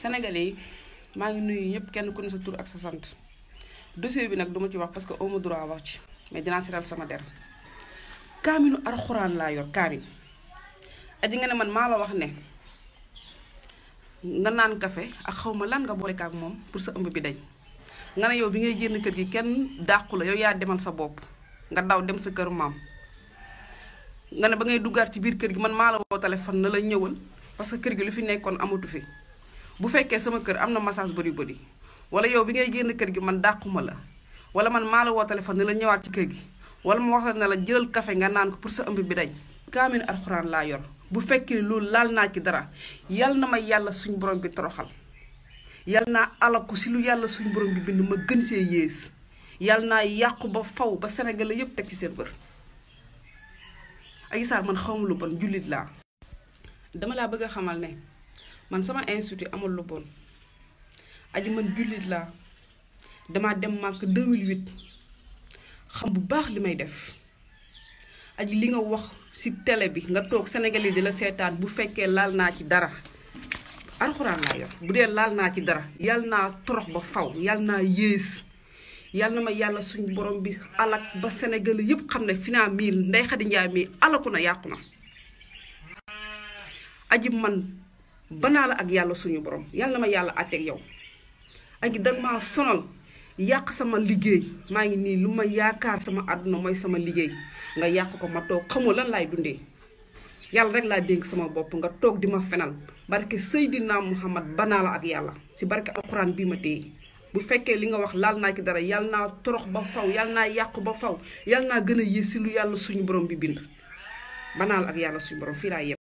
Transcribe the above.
sénégalais yi maa ngi nuyu ñëpp kenn ku ne sa tur ak sa sant dossier bi nag duma ci wax parce que aw ma droit wax ci mais dinaa siral sama der kaaminu alxuraan laa yor kaamin aji nga ne man maa la wax ne nga naan kafe ak xaw ma lan nga boole kaak moom pour sa ëmb bi dañ nga ne yow bi ngay génn kër gi kenn dàqu la yow yaa demal sa bopp nga daw dem sa kër maam nga ne ba ngay duggaat ci biir kër gi man maa la woo téléphone na la ñëwal parce que kër gi lu fi nekkoon amatu fi bu fekkee sama kër am na massage bëri bëri wala yow bi ngay génn kër gi man dàquma la wala man maa la woo téléphone la ñëwaat ci kër gi wala ma wax na ne la jëlal kafe nga naan ko pour sa ëmb bi dañ kaamil alxuraan laa yor bu fekkee loolu laal naa ci dara yal na ma yàlla suñu borom bi toroxal yal naa alaku si lu yàlla suñu borom bi bind ma gën see yées yal naa yàqu ba faw ba Sénégal yépp teg ci seen bër Adji Sarr man xawma lu bon jullit laa dama laa bëgg a xamal ne man sama institut amul la bon aji man jullit laa dama dem màkk 2008 xam bu baax li may def aji li nga wax ci tele bi nga toog Sénégalais di la seetaan bu fekkee laal naa ci dara alxuraan laa yor bu dee laal naa ci dara yal naa torox ba faw yal naa yées yal na ma yàlla suñ borom bi alak ba Sénégal yëpp xam ne finaa mii Ndeye Khady Ndiaye mii alaku na yàqu na aji man banaa la ak yàlla suñu borom yàlla ma yàlla àtteeg yow ak dama maa sonal yàq sama liggéey maa ngi nii lu ma yaakaar sama àdduna mooy sama liggéey nga yàq ko ma toog xamoo lan laay dundee yàlla rek laa dénk sama bopp nga toog di ma fenal barke Seydina Muhammad banaa la ak yàlla si barke alxuraan bii ma téye bu fekkee li nga wax laal naa ci dara yàlla naa torox ba faw yàlla naa yàqu ba faw yàlla naa gën a yées si lu yàlla suñu borom bi bind banaa la ak yàlla suñu borom fii laa